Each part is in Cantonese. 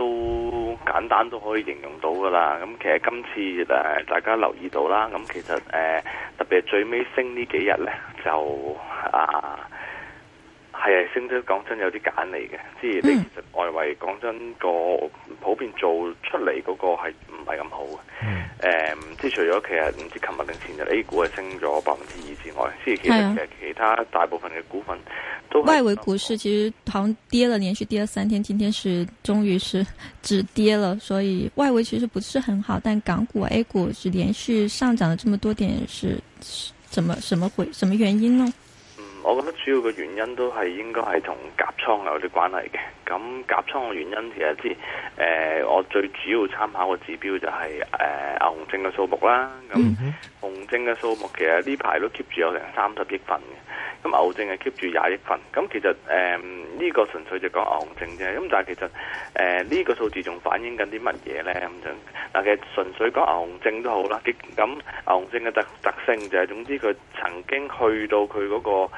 都簡單都可以形容到噶啦，咁其實今次誒、呃、大家留意到啦，咁其實誒、呃、特別係最尾升呢幾日咧就啊。誒、嗯，升得講真有啲揀嚟嘅，即係你其實外圍講真個普遍做出嚟嗰個係唔係咁好嘅。誒，即係除咗其實唔知琴日定前日 A 股係升咗百分之二之外，即係其實嘅其，其他大部分嘅股份都外圍股市其實好像跌了，連續跌咗三天，今天是終於是止跌了，所以外圍其實不是很好。但港股 A 股是連續上漲了這麼多點，是，怎麼什麼回什麼原因呢？我覺得主要嘅原因都係應該係同夾倉有啲關係嘅。咁夾倉嘅原因其實啲誒、呃，我最主要參考嘅指標就係誒牛熊證嘅數目啦。咁熊證嘅數目其實呢排都 keep 住有成三十億份嘅。咁牛證係 keep 住廿億份，咁其實誒呢個純粹就講牛證啫，咁但係其實誒呢個數字仲反映緊啲乜嘢咧？咁就嗱，嘅純粹講牛證都好啦，咁牛證嘅特特性就係總之佢曾經去到佢嗰、嗰個誒、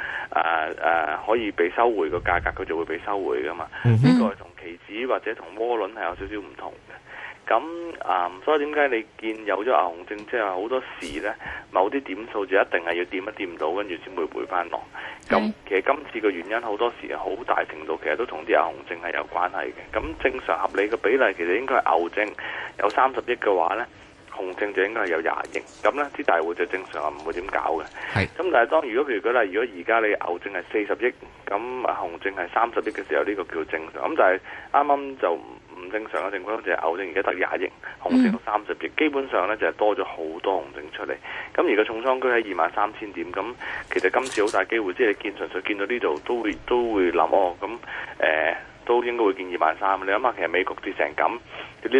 啊啊、可以被收回嘅價格，佢就會被收回噶嘛。呢個同期指或者同窩輪係有少少唔同嘅。咁，嗯、啊，所以點解你見有咗牛熊證，即係好多時呢，某啲點數就一定係要點一點到，跟住先會回翻落。咁、嗯、其實今次嘅原因好多時好大程度其實都同啲牛熊證係有關係嘅。咁正常合理嘅比例其實應該係牛證，有三十億嘅話呢。紅證就應該係有廿億，咁呢啲大戶就正常唔會點搞嘅。係，咁但係當如果譬如講啦，如果而家你牛證係四十億，咁紅證係三十億嘅時候，呢個叫正常。咁但係啱啱就唔正常嘅情況，就係牛證而家得廿億，紅證三十億，基本上呢就係多咗好多紅證出嚟。咁而家重倉區喺二萬三千點，咁其實今次好大機會，即係你見純粹見到呢度都會都會諗哦，咁誒、呃、都應該會見二萬三。你諗下，其實美國跌成咁，呢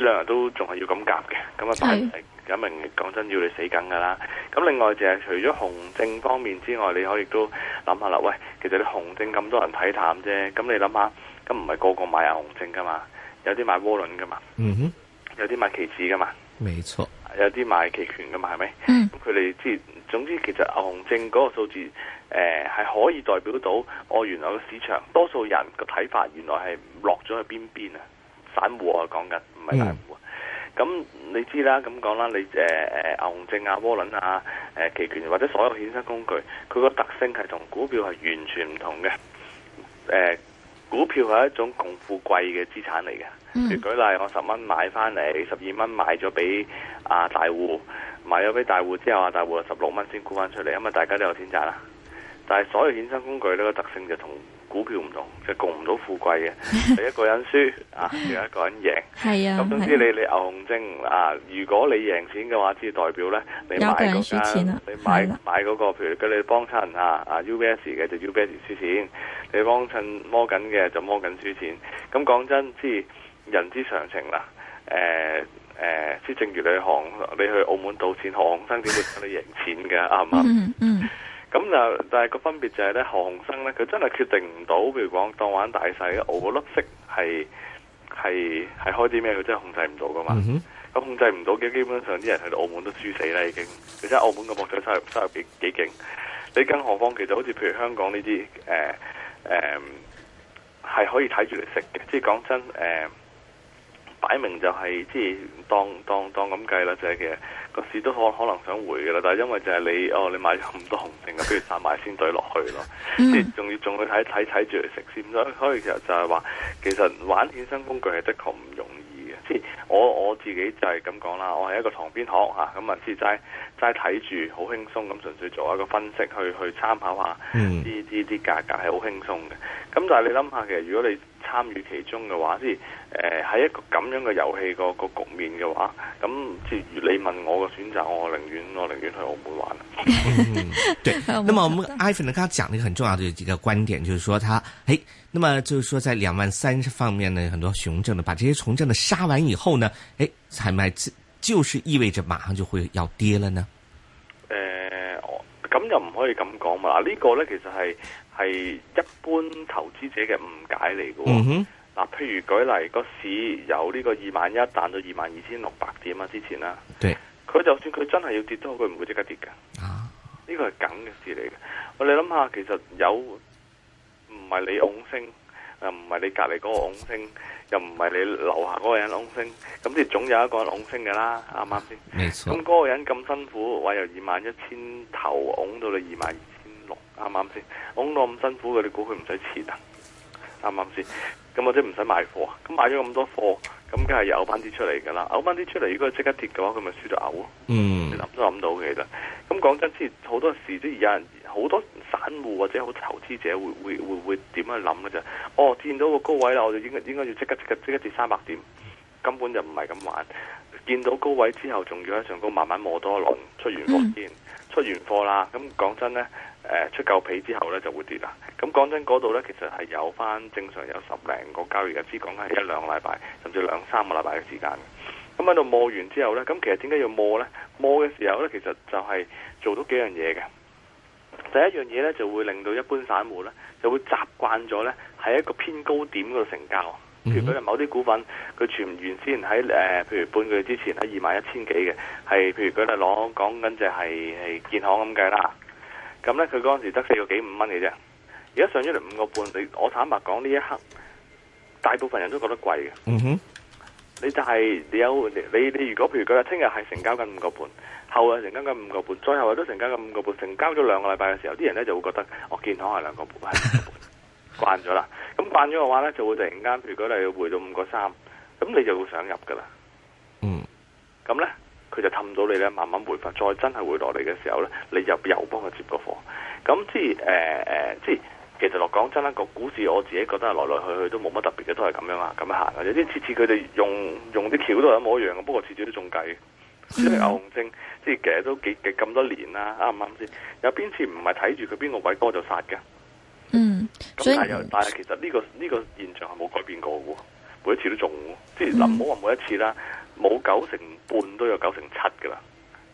兩日都仲係要咁夾嘅，咁啊 咁明講真要你死緊噶啦，咁另外就係除咗紅證方面之外，你可以都諗下啦。喂，其實你紅證咁多人睇淡啫，咁你諗下，咁唔係個個買啊紅證噶嘛，有啲買渦輪噶嘛，嗯哼，有啲買期指噶嘛，沒錯，有啲買期權噶嘛，係咪？咁佢哋即係總之，其實紅證嗰個數字，誒、呃、係可以代表到我、哦、原來個市場多數人個睇法原來係落咗去邊邊啊，散戶啊講緊，唔係大戶。嗯咁你知啦，咁講啦，你誒誒牛熊證啊、窩輪啊、誒期、啊啊啊、權或者所有衍生工具，佢個特性係同股票係完全唔同嘅。誒、啊、股票係一種共富貴嘅資產嚟嘅。嗯。舉例，我十蚊買翻嚟，十二蚊買咗俾大戶，買咗俾大戶之後啊，大戶十六蚊先沽翻出嚟，咁啊，大家都有錢賺啦。但係所有衍生工具呢個特性就同股票唔同，就係共唔到富貴嘅，你 一個人輸啊，又一個人贏。係啊，咁總之你 你牛熊證啊，如果你贏錢嘅話，只代表咧你買嗰、那、單、個， 你買 是買嗰、那個譬如佢你幫襯啊啊 UBS 嘅就是、UBS 輸 錢，你幫襯摩根嘅就摩根輸錢。咁講真，即係人之常情啦。誒、啊、誒，即、啊啊、正如你行，你去澳門賭錢，何鴻燊點會想你贏錢嘅？係 嘛對吧？嗯嗯。咁就但係個分別就係咧，何鴻燊咧，佢真係決定唔到，譬如講當玩大細，我個粒色係係係開啲咩，佢真係控制唔到噶嘛。咁、mm -hmm. 控制唔到嘅，基本上啲人去到澳門都輸死啦，已經。而且澳門嘅博彩收入收入幾幾勁，你更何況其實好似譬如香港呢啲誒誒係可以睇住嚟食嘅。即係講真誒。呃擺明就係即係當當當咁計啦，就係、是、其實個市都可可能想回嘅啦，但係因為就係你哦，你買咗咁多紅證啊，不如殺埋先再落去咯，即係仲要仲要睇睇睇住嚟食先，所以其實就係話，其實玩衍生工具係的確唔容易嘅。即係我我自己就係咁講啦，我係一個旁邊學嚇，咁啊只係齋睇住，好輕鬆咁，純粹做一個分析去去參考一下呢啲啲價格係好輕鬆嘅。咁但係你諗下，其實如果你參與其中嘅話，即係誒喺一個咁樣嘅遊戲個個局面嘅話，咁即係你問我嘅選擇，我寧願我寧願去澳門玩。 對，咁麼我們 Ivan 呢？剛才講一個很重要的一個觀點，就是說他，他誒，那麼就是說，在兩萬三方面呢，很多熊證的，把這些熊證的殺完以後呢，誒，係咪就就是意味着馬上就會要跌了呢？誒、呃，咁又唔可以咁講嘛？嗱、這個，呢個咧其實係。係一般投資者嘅誤解嚟嘅、哦。嗱、嗯啊，譬如舉例、個市由呢個二萬一彈到二萬二千六百點啊之前啦、啊，佢就算佢真係要跌都好，佢唔會即刻跌嘅。呢個係梗嘅事嚟嘅。我你諗下，其實有唔係你拱升，又唔係你隔籬嗰個拱升，又唔係你樓下嗰個人拱升，咁即係總有一個人拱升嘅啦，啱啱先？冇錯。咁嗰個人咁辛苦，話由二萬一千頭拱到你二萬。啱啱先？搞到咁辛苦嘅，你估佢唔使錢啊？啱啱先？咁或者唔使賣貨？咁買咗咁多貨，咁梗係嘔翻啲出嚟噶啦！嘔翻啲出嚟，如果即刻跌嘅話，佢咪輸到嘔咯？嗯，諗都諗到嘅其實。咁講真，之前好多時都有人，好多散戶或者好投資者會會會會點樣諗嘅啫？哦，見到個高位啦，我就應該應該要即刻即刻即刻跌三百點，根本就唔係咁玩。見到高位之後，仲要喺上高慢慢磨多輪，出完貨先，嗯，出完貨啦。咁講真呢。出夠皮之後呢就會跌啦。咁講真嗰度呢，其實係有翻正常有十零個交易日之，只講係一兩個禮拜，甚至兩三個禮拜嘅時間。咁喺度磨完之後呢，咁其實點解要磨呢？磨嘅時候呢，其實就係做到幾樣嘢嘅。第一樣嘢呢，就會令到一般散戶呢就會習慣咗呢，喺一個偏高點嗰度成交。嗯、譬如佢某啲股份，佢全原先喺誒，譬如半個月之前喺二萬一千幾嘅，係譬如佢嚟攞講緊就係係建行咁計啦。咁咧，佢嗰陣時得四個幾五蚊嘅啫，而家上咗嚟五個半。你我坦白講，呢一刻大部分人都覺得貴嘅。嗯哼，你就係、是、你有你你如果譬如佢話，聽日係成交緊五個半，後日成交緊五個半，最後日都成交緊五個半，成交咗兩個禮拜嘅時候，啲人咧就會覺得，我健康係兩個半，係五個半，慣咗啦。咁慣咗嘅話咧，就會突然間，譬如果你要回到五個三，咁你就會想入噶啦。嗯，咁咧。佢就氹到你咧，慢慢回復再真係會落嚟嘅時候咧，你就又幫佢接個貨。咁即係誒即係其實落講、呃、真係、個股市我自己覺得來來去去都冇乜特別嘅，都係咁樣啊，咁樣行有啲次次佢哋用用啲橋都係一模一樣嘅，不過次次都仲計，即係牛熊證，即係其實都幾幾咁多年啦，啱唔啱先？有邊次唔係睇住佢邊個位多就殺嘅？嗯，咁但係其實呢、呢個呢、呢個現象係冇改變過嘅喎，每一次都仲即係就唔好話每一次啦。嗯啦冇九成半都有九成七噶啦，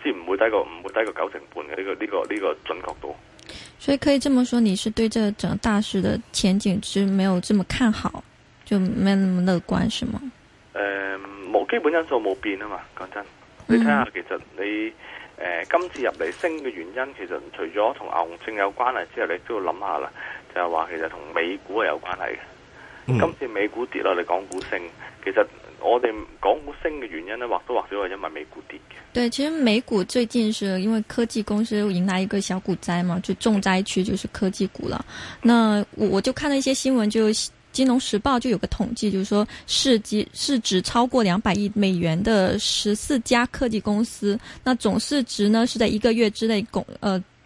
即係唔會低過，唔會低過九成半嘅呢、呢個呢、呢個呢、呢個準確度。所以可以這麼說，你是對這個整個大市嘅前景之沒有這麼看好，就沒有那麼樂觀，是嗎？誒、呃，冇基本因素冇變啊嘛。講真，你睇下、嗯，其實你誒、呃、今次入嚟升嘅原因，其實除咗同牛熊證有關係之外，你都要諗下啦。就係、是、話其實同美股係有關係嘅、嗯。今次美股跌落嚟，港股升，其實。我哋港股升嘅原因呢，或多或少係因為美股跌嘅。對，其實美股最近是因為科技公司迎來一個小股災嘛，就重災區就是科技股了。那我我就看到一些新聞，就《金融時報》就有個統計，就是說市值市值超過兩百億美元的十四家科技公司，那總市值呢是在一個月之內共，呃。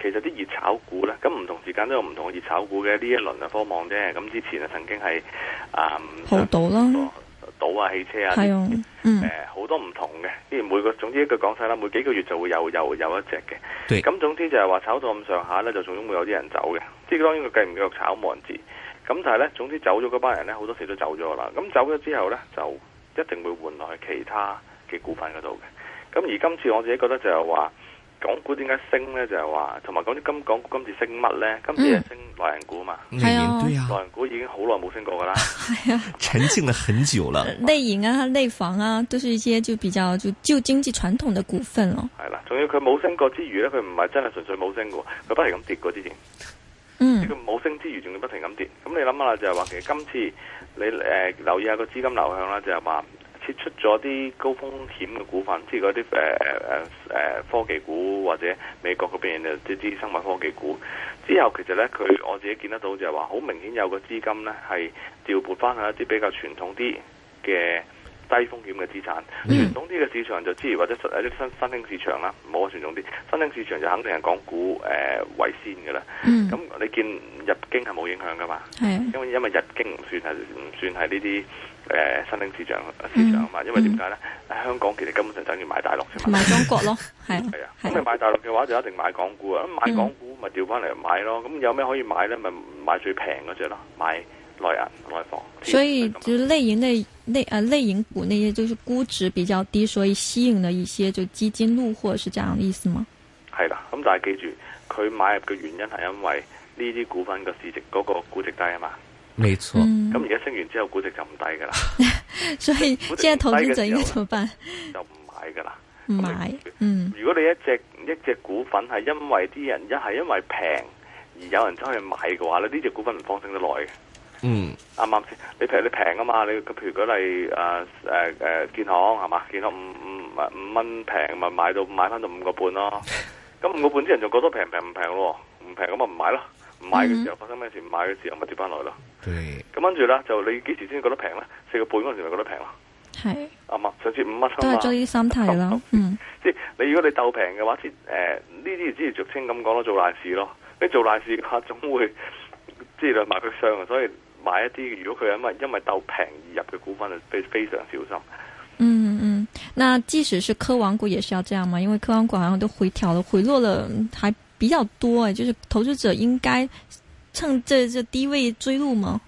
其實啲熱炒股咧，咁唔同時間都有唔同嘅熱炒股嘅呢一輪、嗯、啊，科網啫。咁之前啊，曾經係啊，好賭啦，賭啊，汽車啊，係啊，嗯，誒，好多唔同嘅。譬如每個，總之一句講晒啦，每幾個月就會有有有一隻嘅。咁總之就係話炒到咁上下咧，就總總會有啲人走嘅。即係當然佢繼唔繼續炒冇人知。咁但係咧，總之走咗嗰班人咧，好多時都走咗啦。咁走咗之後咧，就一定會換來其他嘅股份嗰度嘅。咁而今次我自己覺得就係話。港股點解升咧？就係、是、話，同埋講啲今港股今次升乜咧？今次係升內銀股嘛？係、嗯、啊，內銀、啊、股已經好耐冇升過噶啦，沉 靜了很久啦。 內銀啊，內房啊，都是一些就比較就就經濟傳統的股份咯。係啦、啊，仲要佢冇升過之餘咧，佢唔係真係純粹冇升過，佢不停咁跌過之前。嗯，佢冇升之餘仲要不停咁跌。咁你諗下、啊、就係、是、話，其實今次你誒、呃、留意一下個資金流向啦，就係、是、話。跌出咗啲高風險嘅股份，即係嗰啲誒誒誒誒科技股，或者美國嗰邊嘅即啲生物科技股。之後其實咧，佢我自己見得到就係話，好明顯有個資金咧係調撥翻去一啲比較傳統啲嘅低風險嘅資產。傳統啲嘅市場就之，或者實啲新新興市場啦，冇話傳統啲新興市場就肯定係港股誒為先嘅啦。咁、嗯、你見日經係冇影響噶嘛？係因為因為日經唔算係唔算係呢啲。誒、呃，新興市場市場啊嘛，因為點解咧？誒、嗯嗯啊，香港其實根本上就要買大陸先，買中國咯，係。係啊，咁、啊啊啊嗯、你買大陸嘅話就一定買港股啊，咁買港股咪調翻嚟買咯。咁有咩可以買咧？咪買最平嗰隻咯，買內銀內房。所以就內銀嘅內啊內銀股那些就是估值比較低，所以吸引了一些就基金入貨，是這樣的意思嗎？係啦、啊，咁但係記住，佢買入嘅原因係因為呢啲股份嘅市值嗰個估值低啊嘛。沒錯，咁而家升完之後，估值就唔低噶啦。 所以即係短綫就要怎麼辦？就唔買噶啦，唔買，唔，嗯。如果你一隻一隻股份係因為啲人一係因為平而有人走去買嘅話咧，呢隻股份唔放升得耐嘅。嗯，啱唔啱？你平，你平啊嘛，你譬如舉例誒誒誒，建行，係嘛？建行五五五蚊平，咪買到買翻到五個半咯。咁五個半啲人就覺得平平唔平咯，唔平咁咪唔買咯。買嘅時候發生咩事？Mm -hmm. 買嘅時候咪跌翻落去咯。咁跟住咧，就你幾時先覺得平咧？四個半嗰陣時咪覺得平咯。係，啱、啊、默上次五蚊七蚊。都係追心態，啦，嗯。即係你如果你鬥平嘅話，誒呢啲之前俗稱咁講咯，做爛事咯。你做爛事嘅話，總會質量買佢傷啊。所以買一啲如果佢因為因為鬥平而入嘅股份，就非常小心。嗯嗯，那即使是科網股也是要這樣嘛，因為科網股好像都回調了，回落了還。比較多就是投資者應該趁這這低位追入嘛？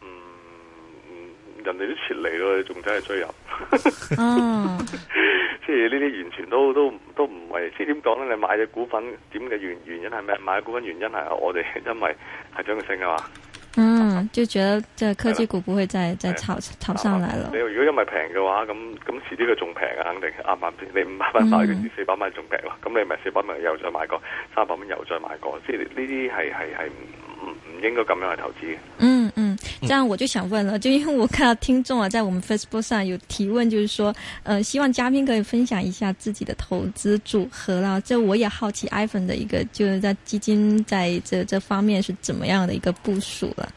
嗯，人哋都撤離咯，仲真係追入。嗯、 啊，即係呢啲完全都都都唔係，即係點講咧？你買嘅股份點嘅原原因係咩？買嘅股份原因係我哋因為係將佢升啊嘛。嗯,嗯，就覺得這科技股不會再再炒炒上嚟了。你如果因為平嘅話，咁咁遲啲佢仲平啊，肯定啱啱先，你五百蚊買完，四百蚊仲平咯。咁你咪四百蚊又再買過，三百蚊又再買過，即係呢啲係係係唔唔應該咁樣去投資嘅。嗯嗯。這樣我就想問了，就因為我看到聽眾啊，在我們 Facebook 上有提問，就是說，呃希望嘉賓可以分享一下自己的投資組合啦。這我也好奇，Ivan 的一個就是在基金在這這方面是怎麼樣的一個部署了？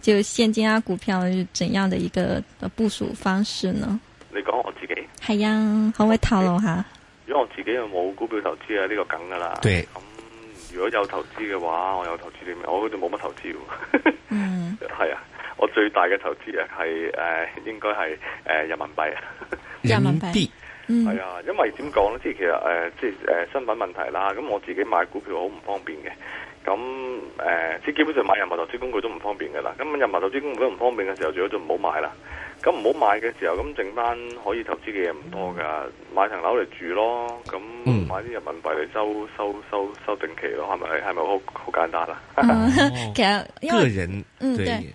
就現金啊，股票是怎樣的一個部署方式呢？你講我自己係呀，可唔可以透露下？如果我自己又冇股票投資啊，呢個梗噶啦。對、嗯。如果有投資嘅話，我有投資啲咩？我好似冇乜投資喎。 嗯。係啊。我最大嘅投資啊，係、呃、誒應該係誒、呃、人民幣。人民幣，係、 嗯、啊，因為點講咧？即係其實誒，即係誒身份問題啦。咁我自己買股票好唔方便嘅。咁誒，即、呃、係基本上買任何投資工具都唔方便嘅啦。咁任何投資工具都唔方便嘅時候，最好就唔好買啦。咁唔好買嘅時候，咁剩翻可以投資嘅嘢唔多噶，嗯、買層樓嚟住咯。咁買啲人民幣嚟收收收收定期咯，係咪係咪好好簡單啦、啊？其實、個 人、嗯嗯、對。對。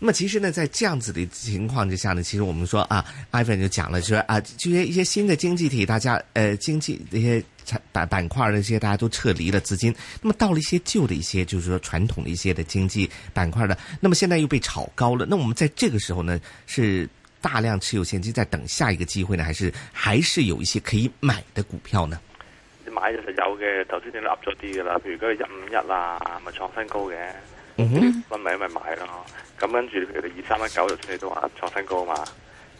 那麼其實呢，在這樣子的情況之下呢，其實我們說啊，Ivan 就講了，啊、就是啊，這些一些新的經濟體，大家呃經濟那些板板塊那些大家都撤離了資金，那麼到了一些舊的一些，就是說傳統的一些的經濟板塊的，那麼現在又被炒高了。那我們在這個時候呢，是大量持有現金在等下一個機會呢，還是還是有一些可以買的股票呢買的是有的？買就有嘅，頭先都入咗啲噶啦，譬如嗰個一五一啦，咪創新高嘅。分、mm、哼 -hmm.，咪因買咯，咁跟住譬如你二三一九，就啲你都話創新高嘛，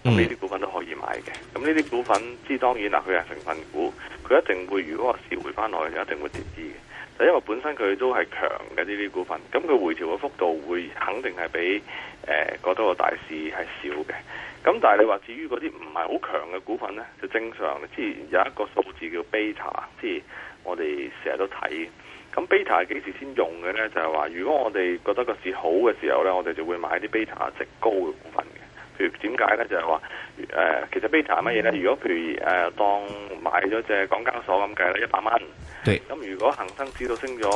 咁呢啲股份都可以買嘅。咁呢啲股份，即係當然啦，佢係成分股，佢一定會如果話市回翻落去，就一定會跌啲嘅。就因為本身佢都係強嘅呢啲股份，咁佢回調嘅幅度會肯定係比誒嗰、呃、多個大市係少嘅。咁但係你話至於嗰啲唔係好強嘅股份咧，就正常，即係有一個數字叫 beta，即係我哋成日都睇。咁 beta 係幾時先用嘅咧？就係話，如果我哋覺得個市好嘅時候咧，我哋就會買啲 beta 值高嘅股份嘅。譬如點解咧？就係話，誒，其實 beta 係乜嘢咧？如果譬如誒，當買咗隻港交所咁計咧，一百蚊，對，咁如果恆生指數升咗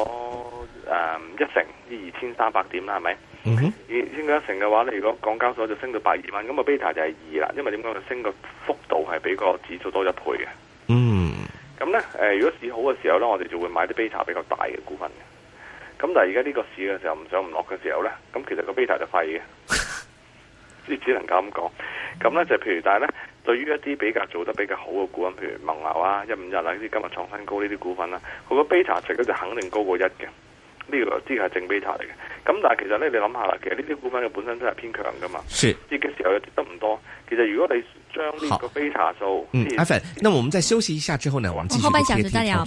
誒一成，二千三百點啦，係咪？嗯哼，升咗一成嘅話咧，如果港交所就升到百二蚊，咁個 beta 就係二啦，因為點講？佢升個幅度係比個指數多一倍嘅。誒，如果市好嘅時候呢，我哋就會買啲 beta 比較大嘅股份嘅。咁但係而家呢個市嘅時候唔上唔落嘅時候呢，咁其實個 beta 就廢嘅，即係只能夠咁講。咁呢就譬如，但係呢對於一啲比較做得比較好嘅股份，譬如蒙牛啊、一五一啊呢啲今日創新高呢啲股份啦，佢個 beta 值咧就肯定高過一嘅。呢、這個呢個係正 beta 嚟嘅，咁但係其實咧，你諗下啦，其實呢啲股份佢本身都係偏強噶嘛，跌嘅、這個、時候又跌得唔多。其實如果你將呢個 beta 數，嗯阿那我們再休息一下之後，呢，我們繼續，我後半小時再聊。